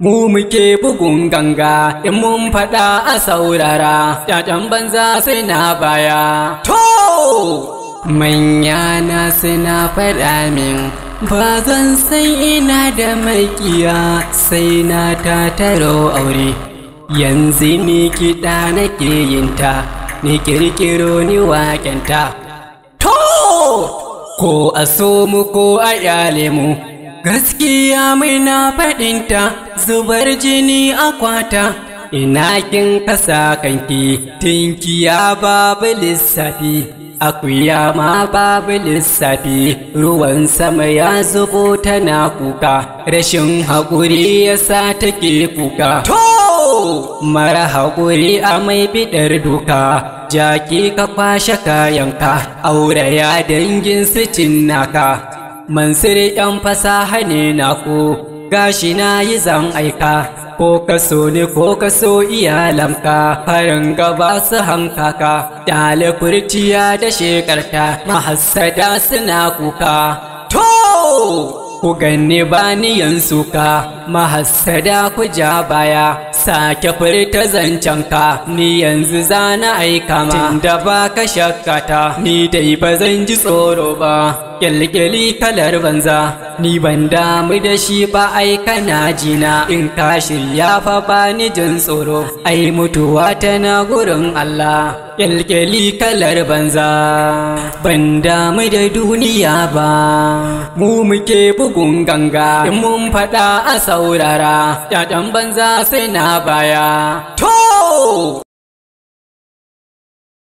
Mu muke bugun ganga in mun faɗa a saurara, ‘ya'yan banza sai na baya. To! Manyana na faɗa min, ba zan san ina da maƙiya sai na tataro aure. Yanzu ni kiɗa nake yinta, ni ƙirƙiro ni waƙenta. To! Ko a so mu ko a mu. Gaskiya mai na faɗinta zubar jini a kwata, ina kin kasa kanki tinkiya babu lissafi. Akuya ma babu lissafi ruwan sama ya zubo tana kuka, rashin haƙuri ya sa take kuka. To! Mara haƙuri a mai biɗar duka. jaki ka kwashe kayanka aure ya dangin su cinnaka mansiri yan fasaha ne na ku gashi na yi zan aika ko kaso ne ko kaso iyalanka farin gaba su hankaka dale kurciya da shekarta mahassada suna kuka to ku ganni yanzu ka. mahassada ku ja baya sake furta zancenka ni yanzu zana aika ma tunda ba ka shakkata ni dai ba zan ji tsoro ba kyalkyali kalar banza, ni ban damu da shi ba ai kana jina in ka shirya fa ba ni jin tsoro, ai mutuwa tana gurin Allah. kyalkyali kalar banza, ban damu da duniya ba, mu muke bugun ganga, in mun faɗa a saurara, yaɗan banza sai na baya. To!